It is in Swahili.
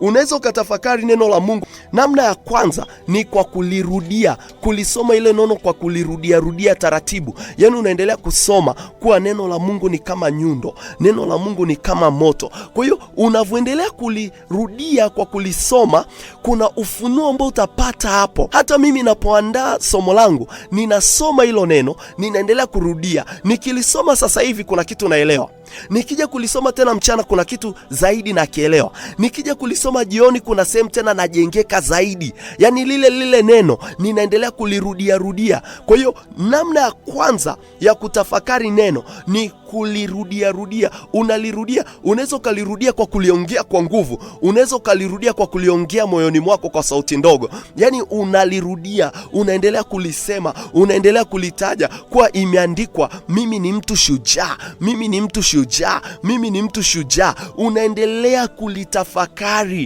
Unaweza ukatafakari neno la Mungu. Namna ya kwanza ni kwa kulirudia, kulisoma ile neno kwa kulirudia rudia taratibu, yani unaendelea kusoma kuwa neno la Mungu ni kama nyundo, neno la Mungu ni kama moto. Kwa hiyo unavyoendelea kulirudia kwa kulisoma, kuna ufunuo ambao utapata hapo. Hata mimi napoandaa somo langu, ninasoma hilo neno, ninaendelea kurudia. Nikilisoma sasa hivi, kuna kitu naelewa. Nikija kulisoma tena mchana, kuna kitu zaidi nakielewa. Nikija kulisoma nikisoma jioni, kuna sehemu tena najengeka zaidi, yaani lile lile neno ninaendelea kulirudia rudia. Kwa hiyo namna ya kwanza ya kutafakari neno ni kulirudia rudia. Unalirudia, unaweza ukalirudia kwa kuliongea kwa nguvu, unaweza ukalirudia kwa kuliongea moyoni mwako kwa sauti ndogo, yaani unalirudia, unaendelea kulisema, unaendelea kulitaja kuwa imeandikwa, mimi ni mtu shujaa, mimi ni mtu shujaa, mimi ni mtu shujaa. Unaendelea kulitafakari